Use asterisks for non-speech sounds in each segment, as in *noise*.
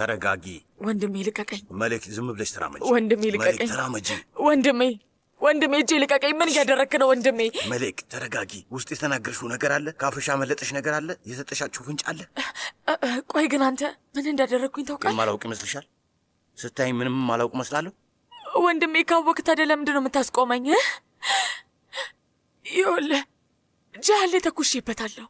ተረጋጊ ወንድሜ፣ ልቀቀኝ። መልክ ዝም ብለሽ ተራመጅ ወንድሜ ልቀቀኝ፣ ተራመጅ ወንድሜ ወንድሜ፣ እጄ ልቀቀኝ። ምን እያደረክ ነው ወንድሜ? መልክ ተረጋጊ። ውስጥ የተናገርሽው ነገር አለ? ካፍሽ መለጠሽ ነገር አለ? የሰጠሻችሁ ፍንጭ አለ? ቆይ ግን አንተ ምን እንዳደረግኩኝ ታውቃል የማላውቅ ይመስልሻል? ስታይ ምንም ማላውቅ መስላለሁ? ወንድሜ ካወቅ ታደ ለምንድ ነው የምታስቆመኝ? ይኸውልህ ጃሌ ተኩሼበታለሁ።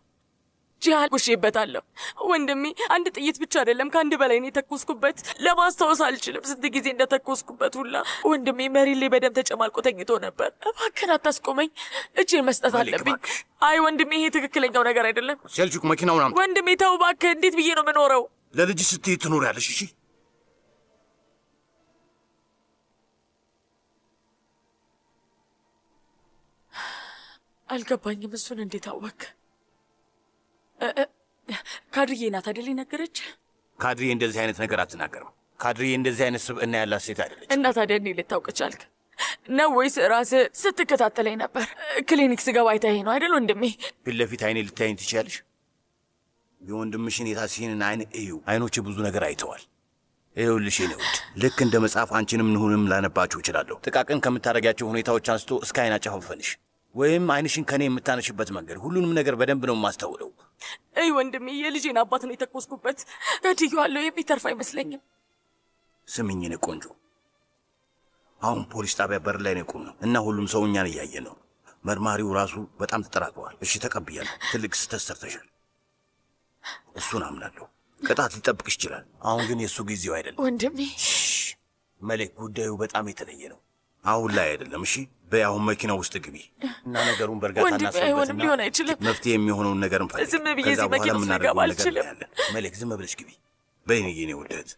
ጅሃል ቦሼበታለሁ። ወንድሜ አንድ ጥይት ብቻ አይደለም ከአንድ በላይ ነው የተኮስኩበት። ለማስታወስ አልችልም ስንት ጊዜ እንደተኮስኩበት ሁላ። ወንድሜ መሬት ላይ በደም ተጨማልቆ ተኝቶ ነበር። እባክህን አታስቆመኝ፣ እጄን መስጠት አለብኝ። አይ ወንድሜ፣ ይሄ ትክክለኛው ነገር አይደለም። ሴልጁክ መኪናውን አምጣ። ወንድሜ ተው እባክህ፣ እንዴት ብዬ ነው የምኖረው? ለልጅ ስትይ ትኖሪያለሽ። እሺ አልገባኝም። እሱን እንዴት አወቅህ? ካድርዬ ናት አደል ነገረች። ካድርዬ እንደዚህ አይነት ነገር አትናገርም። ካድርዬ እንደዚህ አይነት ስብዕና ያላት ሴት አይደለች። እና ታዲያ እኔ ልታውቅ ቻልክ ነው ወይስ ራስ ስትከታተለኝ ነበር? ክሊኒክ ስገባ አይታዬ ነው አይደል? ወንድሜ ፊት ለፊት አይኔ ልታይኝ ትችያለሽ። የወንድምሽን የታሲንን አይን እዩ። አይኖች ብዙ ነገር አይተዋል። ይኸውልሽ የእኔ ውድ፣ ልክ እንደ መጽሐፍ አንቺንም ንሁንም ላነባችሁ እችላለሁ። ጥቃቅን ከምታደርጊያቸው ሁኔታዎች አንስቶ እስከ አይን አጨፋፈንሽ ወይም አይንሽን ከኔ የምታነሽበት መንገድ ሁሉንም ነገር በደንብ ነው የማስተውለው። እይ ወንድሜ፣ የልጄን አባት ነው የተኮስኩበት። አለው የሚተርፍ አይመስለኝም። ስምኝ እኔ ቆንጆ፣ አሁን ፖሊስ ጣቢያ በር ላይ ነው የቆምነው እና ሁሉም ሰው እኛን እያየ ነው። መርማሪው ራሱ በጣም ተጠራጥሯል። እሺ ተቀብያለሁ፣ ትልቅ ስህተት ሰርተሻል፣ እሱን አምናለሁ። ቅጣት ሊጠብቅ ይችላል። አሁን ግን የእሱ ጊዜው አይደለም ወንድሜ። መሌክ፣ ጉዳዩ በጣም የተለየ ነው። አሁን ላይ አይደለም። እሺ በያሁን መኪና ውስጥ ግቢ እና ነገሩን በእርጋታ ሊሆን አይችልም። መፍትሄ የሚሆነውን ነገር እንፈልግ። ዝም ብዬ እዚህ መኪና ውስጥ ገባ አልችልም። መልክ ዝም ብለሽ ግቢ። በይን። የኔ ውደት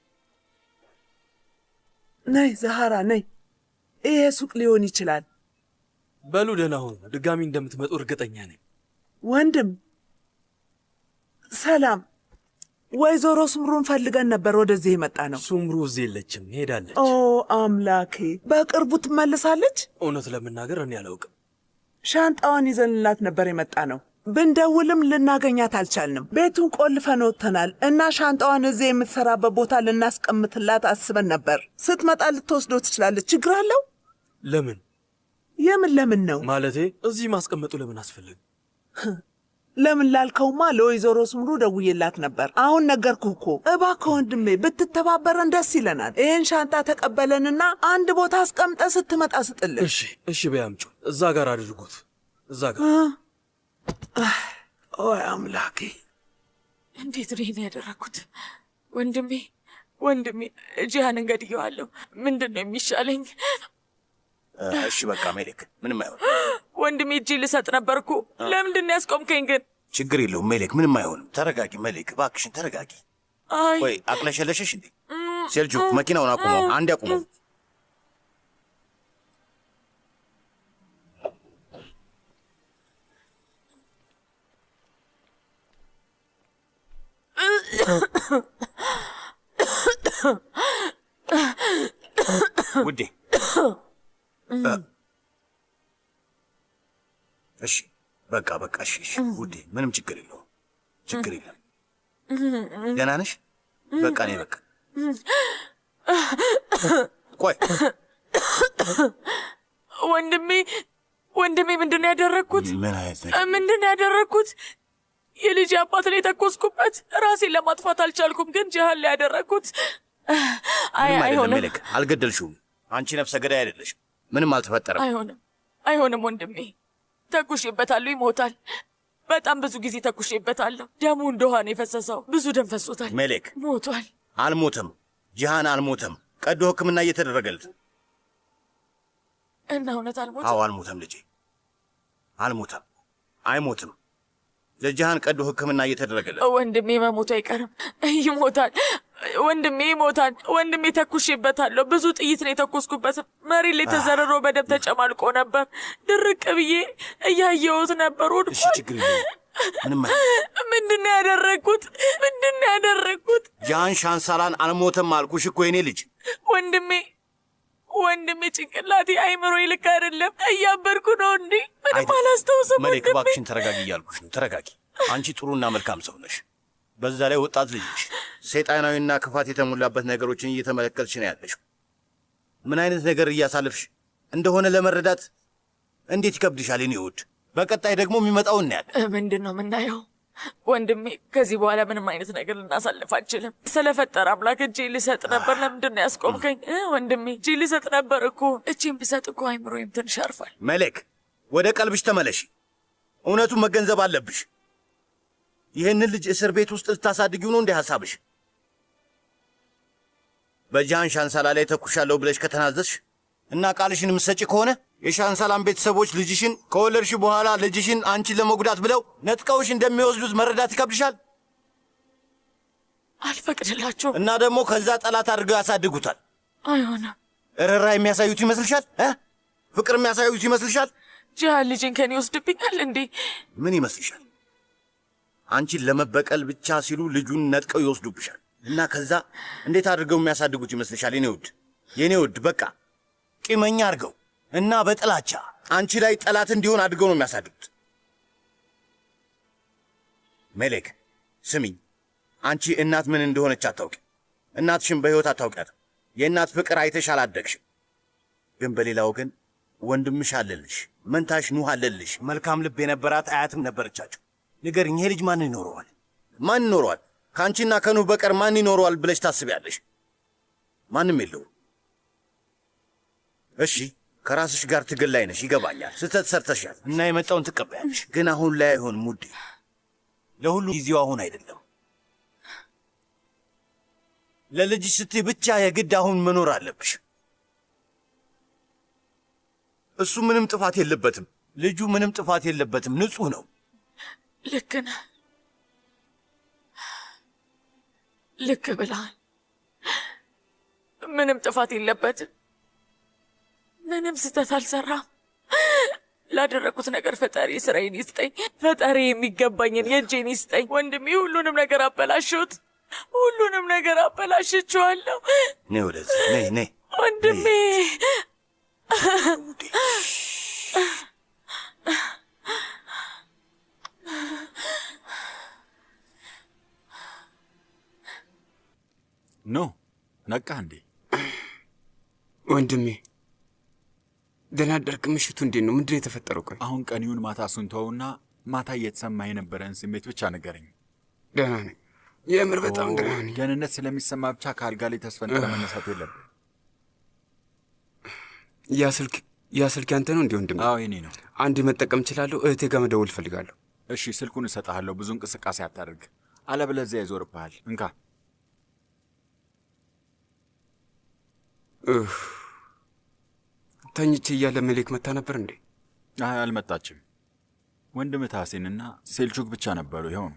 ነይ፣ ዛሃራ ነይ። ይሄ ሱቅ ሊሆን ይችላል። በሉ ደህና ሁኑ። ድጋሚ እንደምትመጡ እርግጠኛ ነኝ። ወንድም ሰላም ወይዘሮ ስምሩን ፈልገን ነበር ወደዚህ የመጣ ነው። ስምሩ እዚህ የለችም፣ ሄዳለች። ኦ አምላኬ፣ በቅርቡ ትመልሳለች። እውነት ለመናገር እኔ አላውቅም። ሻንጣዋን ይዘንላት ነበር የመጣ ነው። ብንደውልም ልናገኛት አልቻልንም። ቤቱን ቆልፈን ወጥተናል እና ሻንጣዋን እዚህ የምትሰራበት ቦታ ልናስቀምጥላት አስበን ነበር። ስትመጣ ልትወስዶ ትችላለች። ችግር አለው? ለምን? የምን ለምን ነው ማለቴ፣ እዚህ ማስቀመጡ ለምን አስፈለገ? ለምን ላልከውማ ለወይዘሮ ስምሩ ደውዬላት ነበር። አሁን ነገርኩ እኮ። እባክህ ወንድሜ ብትተባበረን ደስ ይለናል። ይህን ሻንጣ ተቀበለንና አንድ ቦታ አስቀምጠ ስትመጣ ስጥልን። እሺ፣ እሺ። ቢያምጩ እዛ ጋር አድርጉት። እዛ ጋር። ወይ አምላኬ! እንዴት ነው ይህን ያደረግኩት ወንድሜ፣ ወንድሜ። እጅህን እንገድየዋለሁ። ምንድን ነው የሚሻለኝ? እሺ፣ በቃ ሜሌክ፣ ምንም አይሆን ወንድሜ እጅ ልሰጥ ነበርኩ። ለምንድን ነው ያስቆምከኝ ግን? ችግር የለውም ሜሌክ፣ ምንም አይሆንም። ተረጋጊ ሜሌክ፣ እባክሽን ተረጋጊ። ወይ አቅለሸለሸሽ እንዴ? ሴልጁ መኪናውን አቁመው፣ አንድ አቁመው። ውዴ እሺ በቃ በቃ እሺ እሺ ውዴ፣ ምንም ችግር የለውም፣ ችግር የለም። ደህና ነሽ? በቃ እኔ በቃ ቆይ ወንድሜ ወንድሜ፣ ምንድን ነው ያደረግኩት? ምንድን ነው ያደረግኩት? የልጅ አባት ላይ የተኮስኩበት ራሴን ለማጥፋት አልቻልኩም፣ ግን ጃህል ላይ ያደረግኩት። አይ አይሆንም፣ አልገደልሽውም። አንቺ ነፍሰ ገዳይ አይደለሽም። ምንም አልተፈጠረም። አይሆንም፣ አይሆንም ወንድሜ ተኩሼበታለሁ። ይሞታል። በጣም ብዙ ጊዜ ተኩሼበታለሁ። ደሙ እንደ ውሃ ነው የፈሰሰው። ብዙ ደም ፈሶታል። ሜሌክ ሞቷል። አልሞተም። ጂሃን አልሞተም። ቀዶ ሕክምና እየተደረገለት እና እውነት አልሞተም። አዎ አልሞተም። ልጄ አልሞተም። አይሞትም። ለጂሃን ቀዶ ሕክምና እየተደረገለት ወንድሜ መሞቱ አይቀርም። ይሞታል። ወንድሜ ይሞታል። ወንድሜ ተኩሼበታለሁ። ብዙ ጥይት ነው የተኮስኩበት። መሬት ላይ ተዘርሮ በደም ተጨማልቆ ነበር። ድርቅ ብዬ እያየሁት ነበር። ምንድን ነው ያደረግኩት? ምንድን ነው ያደረግኩት? ጃን ሻንሳላን አልሞተም አልኩሽ እኮ የኔ ልጅ። ወንድሜ ወንድሜ፣ ጭንቅላቴ አይምሮ ይልክ አይደለም። እያበርኩ ነው እንዴ? ምንም አላስታውስም። መሌክ እባክሽን ተረጋጊ እያልኩሽ ነው። ተረጋጊ። አንቺ ጥሩና መልካም ሰው ነሽ። በዛ ላይ ወጣት ልጅ ሰይጣናዊና ክፋት የተሞላበት ነገሮችን እየተመለከትሽ ነው ያለሽ። ምን አይነት ነገር እያሳለፍሽ እንደሆነ ለመረዳት እንዴት ይከብድሻል የኔ ውድ። በቀጣይ ደግሞ የሚመጣው እናያለን። ምንድን ነው የምናየው? ወንድሜ ከዚህ በኋላ ምንም አይነት ነገር ልናሳልፍ አንችልም። ስለፈጠረ አምላክ እጅ ልሰጥ ነበር። ለምንድን ነው ያስቆምከኝ ወንድሜ? እጅ ልሰጥ ነበር እኮ። እቺም ብሰጥ እኮ አይምሮዬም ትንሽ አርፏል። መልክ፣ ወደ ቀልብሽ ተመለሺ። እውነቱን መገንዘብ አለብሽ። ይህንን ልጅ እስር ቤት ውስጥ ልታሳድጊው ነው እንዲህ ሐሳብሽ? በጃን ሻንሳላ ላይ ተኩሻለሁ ብለሽ ከተናዘዝሽ እና ቃልሽን ምሰጪ ከሆነ የሻንሳላን ቤተሰቦች ልጅሽን ከወለድሽ በኋላ ልጅሽን አንቺን ለመጉዳት ብለው ነጥቀውሽ እንደሚወስዱት መረዳት ይከብድሻል። አልፈቅድላቸው እና ደግሞ ከዛ ጠላት አድርገው ያሳድጉታል። አይሆነ እርራ የሚያሳዩት ይመስልሻል? ፍቅር የሚያሳዩት ይመስልሻል? ጃን ልጅን ከኔ ይወስድብኛል እንዴ? ምን ይመስልሻል? አንቺን ለመበቀል ብቻ ሲሉ ልጁን ነጥቀው ይወስዱብሻል እና ከዛ እንዴት አድርገው የሚያሳድጉት ይመስልሻል? የኔ ውድ የኔ ውድ በቃ ቂመኛ አድርገው እና በጥላቻ አንቺ ላይ ጠላት እንዲሆን አድርገው ነው የሚያሳድጉት። ሜሌክ ስሚኝ፣ አንቺ እናት ምን እንደሆነች አታውቂ። እናትሽን በሕይወት አታውቂያት። የእናት ፍቅር አይተሽ አላደግሽም። ግን በሌላ ወገን ወንድምሽ አለልሽ፣ መንታሽ ኑህ አለልሽ። መልካም ልብ የነበራት አያትም ነበረቻቸው። ንገርኝ፣ ይሄ ልጅ ማን ይኖረዋል? ማን ይኖረዋል? ከአንቺና ከኑህ በቀር ማን ይኖረዋል ብለሽ ታስቢያለሽ? ማንም የለው። እሺ ከራስሽ ጋር ትግል ላይ ነሽ፣ ይገባኛል። ስህተት ሰርተሻል እና የመጣውን ትቀበያለሽ። ግን አሁን ላይ አይሆንም ውዴ፣ ለሁሉ ጊዜው አሁን አይደለም። ለልጅሽ ስትይ ብቻ የግድ አሁን መኖር አለብሽ። እሱ ምንም ጥፋት የለበትም። ልጁ ምንም ጥፋት የለበትም፣ ንጹህ ነው። ልክ ነህ፣ ልክ ብለሃል። ምንም ጥፋት የለበትም። ምንም ስህተት አልሰራም። ላደረኩት ነገር ፈጣሪ ስራዬን ይስጠኝ። ፈጣሪ የሚገባኝን የእጄን ይስጠኝ። ወንድሜ ሁሉንም ነገር አበላሽሁት። ሁሉንም ነገር አበላሽችዋለሁ። ነይ ወደዚህ፣ ነይ ነይ፣ ወንድሜ ኖ ነቃ እንዴ? ወንድሜ ደህና አደርክ? ምሽቱ እንዴት ነው? ምንድን ነው የተፈጠረው? ቆይ አሁን ቀኒውን ማታ ሱንተውና ማታ እየተሰማ የነበረን ስሜት ብቻ ንገረኝ። ደህና ነኝ፣ የምር በጣም ደህና ነኝ። ደህንነት ስለሚሰማ ብቻ ከአልጋ ላይ ተስፈንጥረ መነሳት የለብህ። ያ ስልክ ያ ስልክ ያንተ ነው እንዴ ወንድሜ? አዎ የኔ ነው። አንድ መጠቀም እችላለሁ? እህቴ ጋር መደወል እፈልጋለሁ። እሺ ስልኩን እሰጥሃለሁ። ብዙ እንቅስቃሴ አታድርግ፣ አለበለዚያ ይዞርብሃል። እንካ። ተኝቼ እያለ መሌክ መታ ነበር እንዴ? አይ አልመጣችም። ወንድም ታሴንና ሴልቹክ ብቻ ነበሩ። ይኸውም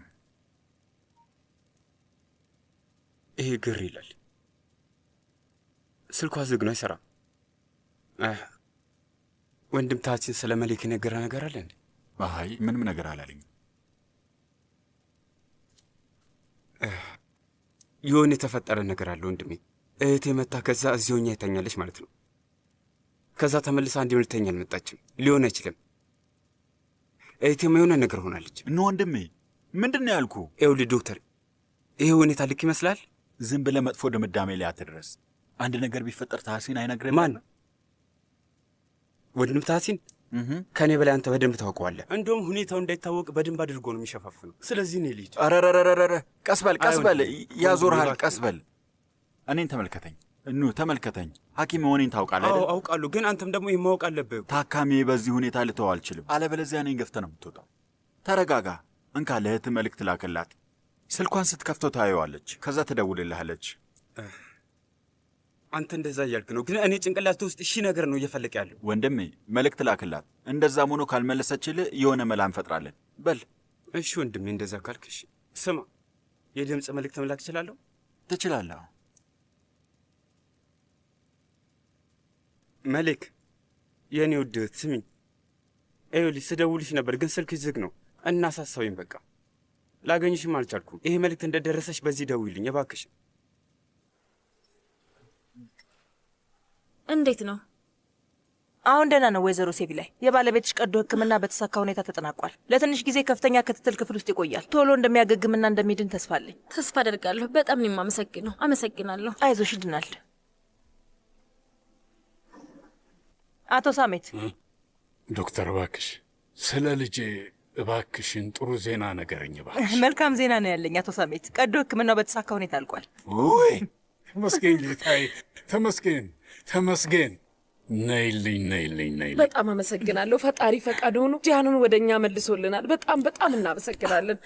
ይሄ ግር ይላል። ስልኳ ዝግ ነው፣ አይሰራም። ወንድም ታሲን ስለ መሌክ የነገረ ነገር አለ እንዴ? አይ ምንም ነገር አላለኝም። የሆነ የተፈጠረ ነገር አለ ወንድሜ። እህቴ መታ ከዛ እዚሆኛ ይተኛለች ማለት ነው። ከዛ ተመልሳ እንዲሆን ልተኛ አልመጣችም። ሊሆን አይችልም። እህቴማ የሆነ ነገር ሆናለች። እነ ወንድሜ ምንድን ነው ያልኩ? ይኸውልህ ዶክተር፣ ይሄ ሁኔታ ልክ ይመስላል። ዝም ብለህ መጥፎ ድምዳሜ ላይ አትድረስ። አንድ ነገር ቢፈጠር ታህሲን አይነግረን። ማን ወንድም ታህሲን ከኔ በላይ አንተ በደንብ ታውቀዋለህ። እንዲሁም ሁኔታው እንዳይታወቅ በደንብ አድርጎ ነው የሚሸፋፍነው። ስለዚህ እኔ ልጅ ረረረረረ ቀስበል ቀስበል ያዞርሃል። ቀስበል እኔን ተመልከተኝ። እኑ ተመልከተኝ። ሐኪም መሆኔን ታውቃለህ። አውቃለሁ፣ ግን አንተም ደግሞ ይህ ማወቅ አለብህ። ታካሚ በዚህ ሁኔታ ልተው አልችልም፣ አለበለዚያ እኔን ገፍተህ ነው የምትወጣው። ተረጋጋ። እንካ ለእህትህ መልእክት ላክላት። ስልኳን ስትከፍተው ታየዋለች። ከዛ ትደውልልሃለች። አንተ እንደዛ እያልክ ነው፣ ግን እኔ ጭንቅላት ውስጥ ሺ ነገር ነው እየፈለቅ ያለው። ወንድሜ መልእክት ላክላት። እንደዛም ሆኖ ካልመለሰችልህ የሆነ መላ እንፈጥራለን። በል እሺ ወንድሜ፣ እንደዛ ካልክ እሺ። ስማ፣ የድምፅ መልእክት መላክ እችላለሁ? ትችላለህ። መልክ የእኔ ውድ ስሚኝ፣ ኤዮሊ ስደውልሽ ነበር ግን ስልክ ዝግ ነው እና ሳሳዊኝ፣ በቃ ላገኝሽም አልቻልኩም። ይሄ መልእክት እንደደረሰሽ በዚህ ደውይልኝ እባክሽ። እንዴት ነው? አሁን ደህና ነው ወይዘሮ ሴቪ ላይ የባለቤትሽ ቀዶ ህክምና በተሳካ ሁኔታ ተጠናቋል። ለትንሽ ጊዜ ከፍተኛ ክትትል ክፍል ውስጥ ይቆያል። ቶሎ እንደሚያገግምና እንደሚድን ተስፋ አለኝ። ተስፋ አደርጋለሁ። በጣም ነው የማመሰግነው። አመሰግናለሁ። አይዞሽ ይድናል። አቶ ሳሜት ዶክተር እባክሽ ስለ ልጄ እባክሽን ጥሩ ዜና ነገረኝ እባክሽ። መልካም ዜና ነው ያለኝ አቶ ሳሜት። ቀዶ ህክምናው በተሳካ ሁኔታ አልቋል። ውይ ተመስገን ጌታዬ፣ ተመስገን ተመስገን። ነይልኝ ነይልኝ ነይልኝ። በጣም አመሰግናለሁ። ፈጣሪ ፈቃድ ሆኖ ዲያኑን ወደ እኛ መልሶልናል። በጣም በጣም እናመሰግናለን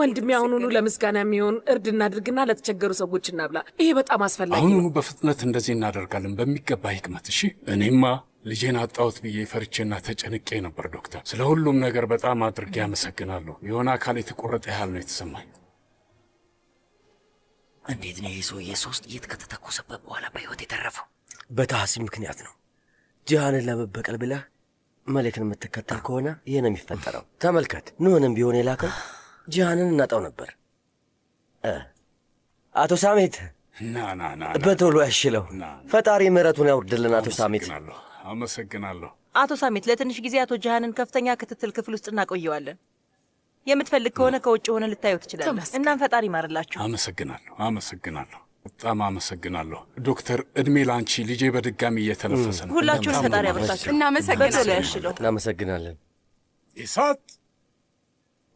ወንድሜ። አሁኑኑ ለምስጋና የሚሆን እርድ እናድርግና ለተቸገሩ ሰዎች እናብላ። ይሄ በጣም አስፈላጊ። አሁኑኑ በፍጥነት እንደዚህ እናደርጋለን፣ በሚገባ ህክመት። እሺ እኔማ ልጄን አጣሁት ብዬ ፈርቼና ተጨንቄ ነበር ዶክተር። ስለ ሁሉም ነገር በጣም አድርጌ አመሰግናለሁ። የሆነ አካል የተቆረጠ ያህል ነው የተሰማኝ። እንዴት ነው ይህ ሰውዬ ሶስት ጥይት ከተተኮሰበት በኋላ በህይወት የተረፈው? በታህሲብ ምክንያት ነው። ጂሃንን ለመበቀል ብለህ መልክን የምትከተል ከሆነ ይህ ነው የሚፈጠረው። ተመልከት፣ ኑህንም ቢሆን የላከ ጂሃንን እናጣው ነበር። አቶ ሳሜት በቶሎ ያሽለው። ፈጣሪ ምረቱን ያውርድልን። አቶ ሳሜት አመሰግናለሁ። አቶ ሳሜት ለትንሽ ጊዜ አቶ ጂሃንን ከፍተኛ ክትትል ክፍል ውስጥ እናቆየዋለን። የምትፈልግ ከሆነ ከውጭ ሆነ ልታየው ትችላለህ። እናም ፈጣሪ ይማርላችሁ። አመሰግናለሁ፣ አመሰግናለሁ፣ በጣም አመሰግናለሁ ዶክተር። እድሜ ላንቺ ልጄ። በድጋሚ እየተነፈሰ ነው። ሁላችሁን ፈጣሪ ያበርታችሁ። እናመሰግናለን። ይሳት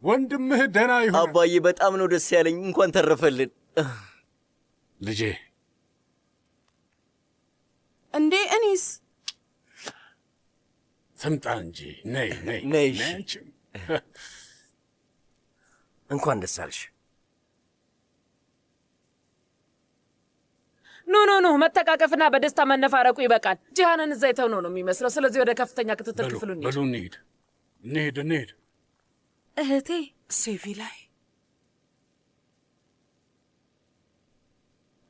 ወንድምህ ደህና ይሁን። አባዬ በጣም ነው ደስ ያለኝ። እንኳን ተረፈልን ልጄ። እንዴ እኔስ ትምጣ እንጂ ነይ ነይ ነይ እንኳን ደስ አለሽ። ኖ ኖ ኖ መተቃቀፍና በደስታ መነፋረቁ ይበቃል። ጂሃንን እዛ የተው ነው ነው የሚመስለው። ስለዚህ ወደ ከፍተኛ ክትትል ክፍሉ በሉ እንሄድ፣ እንሄድ፣ እንሄድ። እህቴ ሴቪ ላይ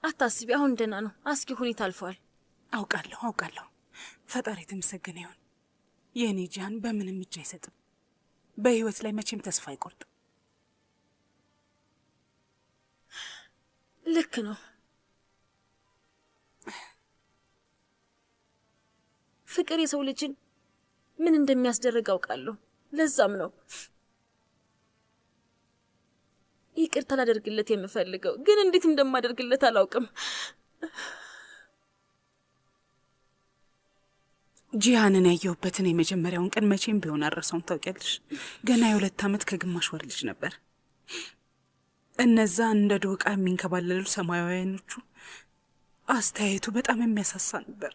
አታስቢ። አሁን ደህና ነው። አስጊ ሁኔታ አልፏል። አውቃለሁ፣ አውቃለሁ። ፈጣሪ የተመሰገነ ይሁን። የእኔ ጂሃን በምንም እጅ አይሰጥም። በህይወት ላይ መቼም ተስፋ አይቆርጥ ልክ ነው። ፍቅር የሰው ልጅን ምን እንደሚያስደርግ አውቃለሁ። ለዛም ነው ይቅርታ ላደርግለት የምፈልገው፣ ግን እንዴት እንደማደርግለት አላውቅም። ጂሃንን ያየሁበትን የመጀመሪያውን ቀን መቼም ቢሆን አረሳውም። ታውቂያለሽ፣ ገና የሁለት ዓመት ከግማሽ ወር ልጅ ነበር። እነዛ እንደ ዶቃ የሚንከባለሉ ሰማያውያኖቹ አስተያየቱ በጣም የሚያሳሳ ነበር።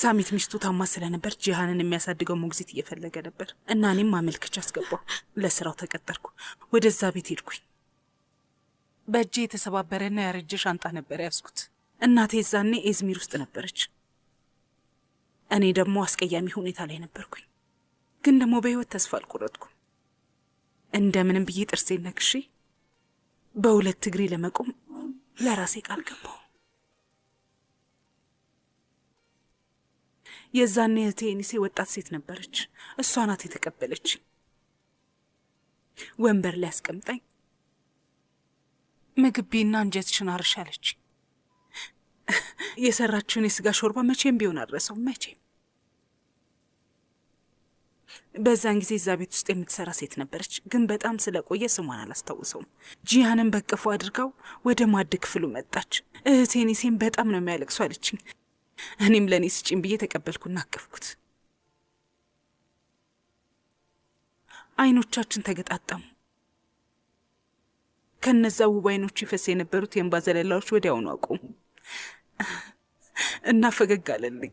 ሳሚት ሚስቱ ታማ ስለነበር ጂሃንን የሚያሳድገው ሞግዚት እየፈለገ ነበር እና እኔም ማመልከቻ አስገባሁ። ለስራው ተቀጠርኩ። ወደዛ ቤት ሄድኩኝ። በእጄ የተሰባበረና ያረጀ ሻንጣ ነበር ያዝኩት። እናቴ ዛኔ ኤዝሚር ውስጥ ነበረች፣ እኔ ደግሞ አስቀያሚ ሁኔታ ላይ ነበርኩኝ። ግን ደግሞ በህይወት ተስፋ አልቆረጥኩም። እንደምንም ብዬ ጥርሴ ነክሼ በሁለት እግሬ ለመቆም ለራሴ ቃል ገባሁ። የዛን እህቴ ወጣት ሴት ነበረች። እሷ ናት የተቀበለች። ወንበር ላይ አስቀምጣኝ ምግቤና እንጀትሽን አርሻለች። የሰራችውን የስጋ ሾርባ መቼም ቢሆን አድረሰው መቼም በዛን ጊዜ እዛ ቤት ውስጥ የምትሰራ ሴት ነበረች፣ ግን በጣም ስለቆየ ስሟን አላስታውሰውም። ጂያንን በቅፎ አድርጋው ወደ ማድ ክፍሉ መጣች። እህቴ ኔሴን በጣም ነው የሚያለቅሱ አለችኝ። እኔም ለእኔ ስጭኝ ብዬ ተቀበልኩና አቀፍኩት። አይኖቻችን ተገጣጠሙ። ከነዛ ውብ አይኖቹ ይፈስ የነበሩት የእንባ ዘለላዎች ወዲያውኑ አቆሙ እና ፈገግ አለልኝ።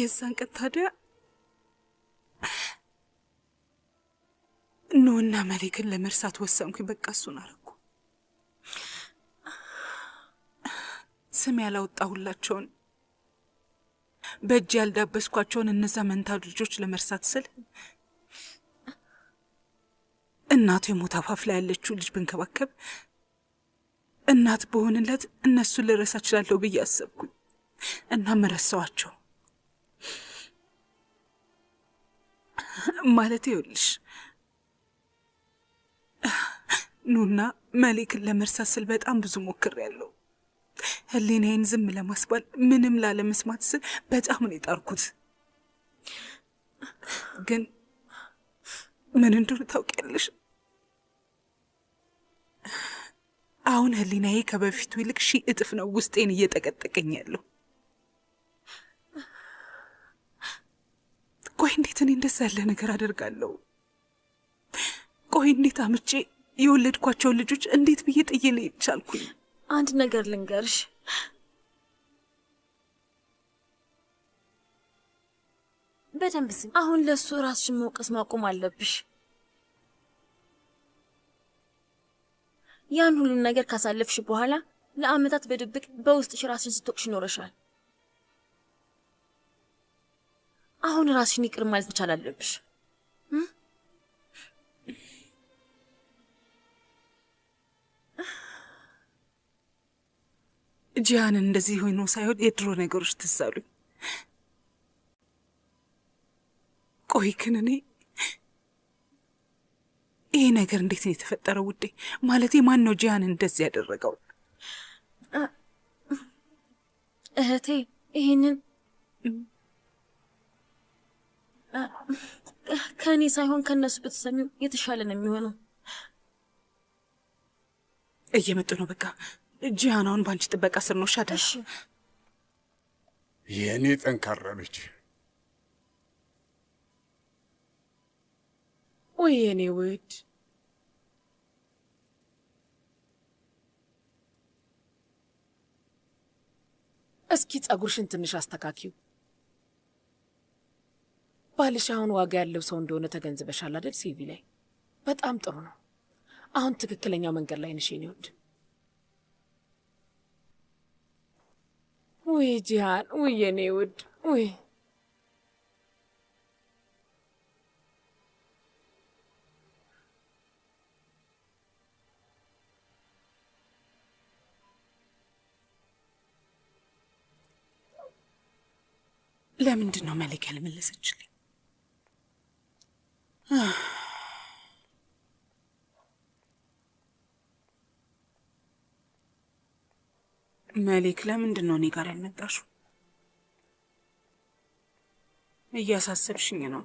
የዛን ቀን ታዲያ ኖና መሬክን ለመርሳት ወሰንኩኝ። በቃ እሱን አረኩ። ስም ያላወጣሁላቸውን በእጅ ያልዳበስኳቸውን እነዛ መንታ ልጆች ለመርሳት ስል እናቱ የሞት አፋፍ ላይ ያለችው ልጅ ብንከባከብ እናት በሆንለት እነሱን ልረሳ እችላለሁ ብዬ አሰብኩኝ እና መረሳዋቸው። ማለት ይኸውልሽ፣ ኑና መሌክን ለመርሳት ስል በጣም ብዙ ሞክሬያለሁ። ህሊናዬን ዝም ለማስባል ምንም ላለመስማት ስል በጣም ነው የጣርኩት። ግን ምን እንደሆነ ታውቂያለሽ? አሁን ህሊናዬ ከበፊቱ ይልቅ ሺህ እጥፍ ነው ውስጤን እየጠቀጠቀኝ ያለው። ቆይ እንዴት እኔ እንደዛ ያለ ነገር አደርጋለሁ? ቆይ እንዴት አምጬ የወለድኳቸውን ልጆች እንዴት ብዬ ጥዬ ልሄድ ቻልኩኝ? አንድ ነገር ልንገርሽ በደንብ ስሚ። አሁን ለእሱ ራስሽን መውቀስ ማቆም አለብሽ። ያን ሁሉን ነገር ካሳለፍሽ በኋላ ለአመታት በድብቅ በውስጥሽ ራስሽን ስትወቅሽ ይኖረሻል። አሁን ራስሽን ይቅር ማለት መቻል አለብሽ። ጂያንን እንደዚህ ሆኖ ሳይሆን የድሮ ነገሮች ትዝ አሉኝ። ቆይ ግን እኔ ይሄ ነገር እንዴት ነው የተፈጠረው ውዴ? ማለቴ ማን ነው ጂያንን እንደዚህ ያደረገው? እህቴ ይህንን ከእኔ ሳይሆን ከእነሱ ብትሰሚው የተሻለ ነው የሚሆነው። እየመጡ ነው። በቃ ጂያን አሁን በአንቺ ጥበቃ ስር ነው። ሻዳ የእኔ ጠንካራ ነች። ወይ የእኔ ውድ እስኪ ጸጉርሽን ትንሽ አስተካኪው። ባልሽ አሁን ዋጋ ያለው ሰው እንደሆነ ተገንዝበሻል አደል ሲቪ ላይ በጣም ጥሩ ነው። አሁን ትክክለኛው መንገድ ላይ ነሽ የኔ ውድ። ውይ ጂሃን፣ ውይ የኔ ውድ፣ ውይ ለምንድን ነው መልክ ያልመለሰችልኝ? *sighs* መሌክ ለምንድን ነው እኔ ጋር ያልመጣሽው? እያሳሰብሽኝ ነው።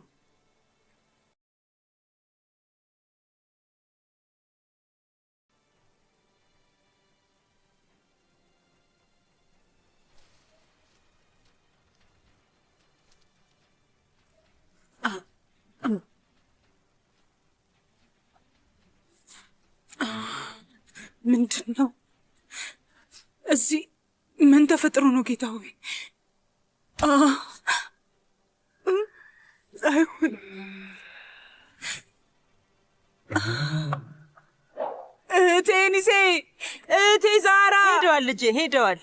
ምንድን ነው እዚህ? ምን ተፈጥሮ ነው ጌታ ሆይ? አይሆን እህቴ ኒሴ ዛራ ሄደዋል። ልጄ ሄደዋል።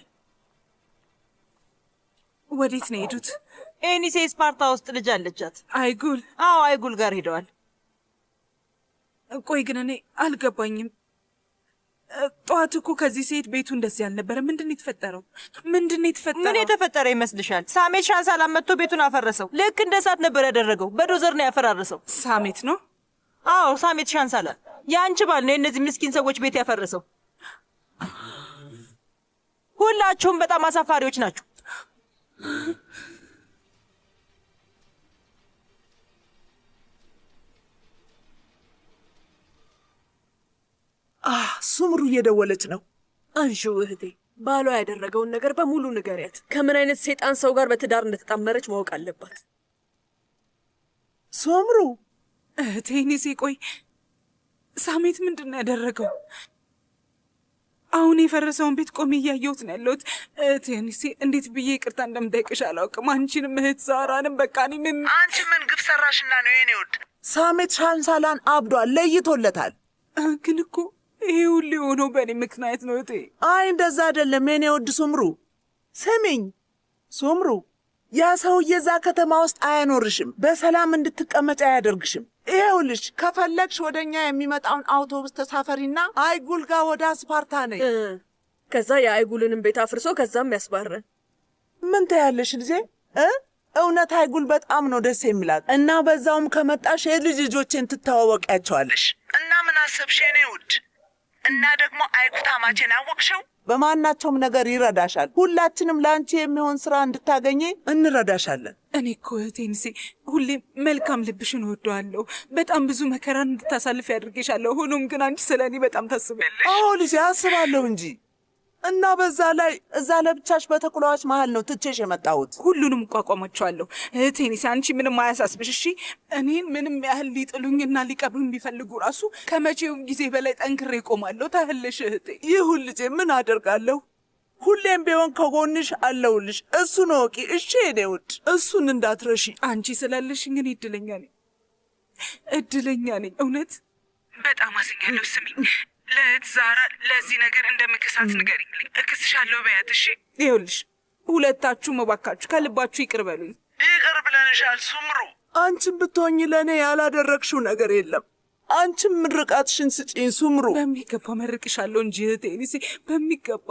ወዴት ነው የሄዱት? ኤኒሴ ስፓርታ ውስጥ ልጅ አለቻት። አይጉል? አዎ አይጉል ጋር ሄደዋል። ቆይ ግን እኔ አልገባኝም ጠዋት እኮ ከዚህ ሴት ቤቱ እንደዚህ ያልነበረ። ምንድን የተፈጠረው? ምንድን የተፈጠረው? ምን የተፈጠረ ይመስልሻል? ሳሜት ሻንሳ ላመጥቶ ቤቱን አፈረሰው። ልክ እንደ እሳት ነበር ያደረገው። በዶዘር ነው ያፈራረሰው። ሳሜት ነው? አዎ ሳሜት ሻንሳ የአንቺ ባል ነው የእነዚህ ምስኪን ሰዎች ቤት ያፈረሰው። ሁላችሁም በጣም አሳፋሪዎች ናችሁ። አህ ሱምሩ እየደወለች ነው። አንሺው እህቴ፣ ባሏ ያደረገውን ነገር በሙሉ ንገሪያት። ከምን አይነት ሰይጣን ሰው ጋር በትዳር እንደተጣመረች ማወቅ አለባት። ሱምሩ እህቴ፣ ኒሴ፣ ቆይ ሳሜት ምንድን ነው ያደረገው? አሁን የፈረሰውን ቤት ቆሜ እያየሁት ነው ያለሁት። እህቴ ኒሴ፣ እንዴት ብዬ ይቅርታ እንደምጠይቅሽ አላውቅም። አንቺንም እህት ዛራንም በቃ ምን አንቺ ምን ግብ ሰራሽና ነው የኔ ውድ? ሳሜት ሻንሳላን አብዷል፣ ለይቶለታል። ግን እኮ ይሄ ሁሉ የሆነው በእኔ ምክንያት ነው እህቴ። አይ እንደዛ አይደለም የኔ ውድ ሱምሩ። ስሚኝ ሱምሩ፣ ያ ሰውዬ እዛ ከተማ ውስጥ አያኖርሽም፣ በሰላም እንድትቀመጭ አያደርግሽም። ይኸውልሽ ከፈለግሽ ወደ እኛ የሚመጣውን አውቶቡስ ተሳፈሪና አይጉል ጋር ወደ አስፓርታ ነኝ። ከዛ የአይጉልንም ቤት አፍርሶ ከዛም ያስባረን። ምን ታያለሽ ልጄ? እውነት አይጉል በጣም ነው ደስ የሚላት እና በዛውም ከመጣሽ የልጅ ልጆቼን ትተዋወቂያቸዋለሽ። እና ምን አሰብሽ የኔ ውድ እና ደግሞ አይኩታ ማቼን አወቅሽው። በማናቸውም ነገር ይረዳሻል። ሁላችንም ለአንቺ የሚሆን ስራ እንድታገኘ እንረዳሻለን። እኔ እኮ ቴኒሴ ሁሌም መልካም ልብሽን እወደዋለሁ። በጣም ብዙ መከራን እንድታሳልፍ ያድርግሻለሁ። ሆኖም ግን አንቺ ስለ እኔ በጣም ታስበለሽ። አዎ ልጅ አስባለሁ እንጂ እና በዛ ላይ እዛ ለብቻሽ በተኩላዎች መሀል ነው ትቼሽ የመጣሁት። ሁሉንም እቋቋማቸዋለሁ ቴኒስ፣ አንቺ ምንም አያሳስብሽ እሺ። እኔን ምንም ያህል ሊጥሉኝና ሊቀብሩኝ ቢፈልጉ ራሱ ከመቼውም ጊዜ በላይ ጠንክሬ ቆማለሁ። ታህልሽ እህቴ። ይሁን ልጄ፣ ምን አደርጋለሁ። ሁሌም ቢሆን ከጎንሽ አለውልሽ። እሱን እወቂ እሺ፣ የኔ ውድ፣ እሱን እንዳትረሺ። አንቺ ስላለሽኝ ግን እድለኛ ነኝ፣ እድለኛ ነኝ። እውነት በጣም አዝኛለሁ። ስሚኝ ለዛራ ለዚህ ነገር እንደ እንደምከሳት ንገሪልኝ። እክስሻለሁ በያት። እሺ ይኸውልሽ፣ ሁለታችሁም እባካችሁ ከልባችሁ ይቅር በሉኝ። ይቅር ብለንሻል ሱምሩ። አንቺም ብትሆኝ ለእኔ ያላደረግሽው ነገር የለም። አንቺም ምርቃትሽን ስጪኝ ሱምሩ። በሚገባ መርቅሻለሁ እንጂ እህቴ፣ በሚገባ